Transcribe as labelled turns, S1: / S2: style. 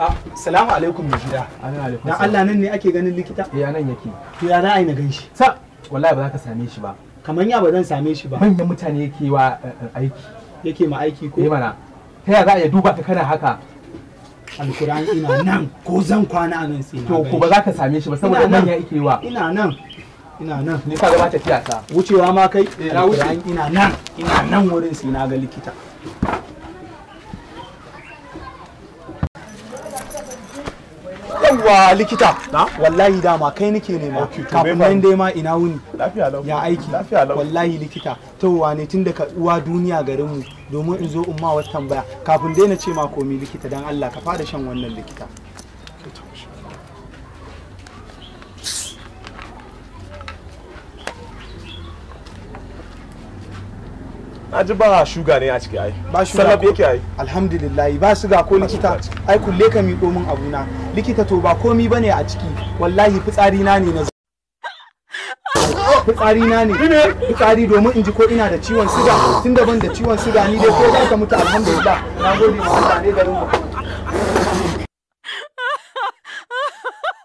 S1: Ah, salamu alaikum mai gida. Dan Allah nan ne ake ganin likita? Ya nan yake. To ya za a yi na gan shi? Sa wallahi ba za ka same shi ba. Kamar ya ba zan same shi ba. Manyan mutane yake wa eh, eh, aiki. Yake ma aiki ko? Eh mana. Ta ya za a duba ka kana haka? Alkur'an ina nan ko zan kwana a nan sai To ko ba za ka same shi ba saboda manya yake wa. Ina nan. Ina nan. Ni ka gaba tafiya ta. Wucewa ma kai? Eh Ina nan. Ina nan wurin sai na ga likita. yawwa likita wallahi dama kai nake nema kafin nan dai ma ina wuni ya aiki wallahi likita to wane tun daga uwa duniya garinmu domin in zo in wata tambaya kafin dai na ce ma komi likita don Allah ka fara shan wannan likita
S2: na ji ba shuga ne a ciki ai ba shuga salaf yake
S1: ai alhamdulillah ba suga ko likita ai kulle ka miƙo min abuna likita to ba komi bane a ciki wallahi fitsari na ne na fitsari na ne fitsari domin in ji ko ina da ciwon suga tun da ban da ciwon suga ni dai ko za ka mutu alhamdulillah na gode ma Allah ne garin mu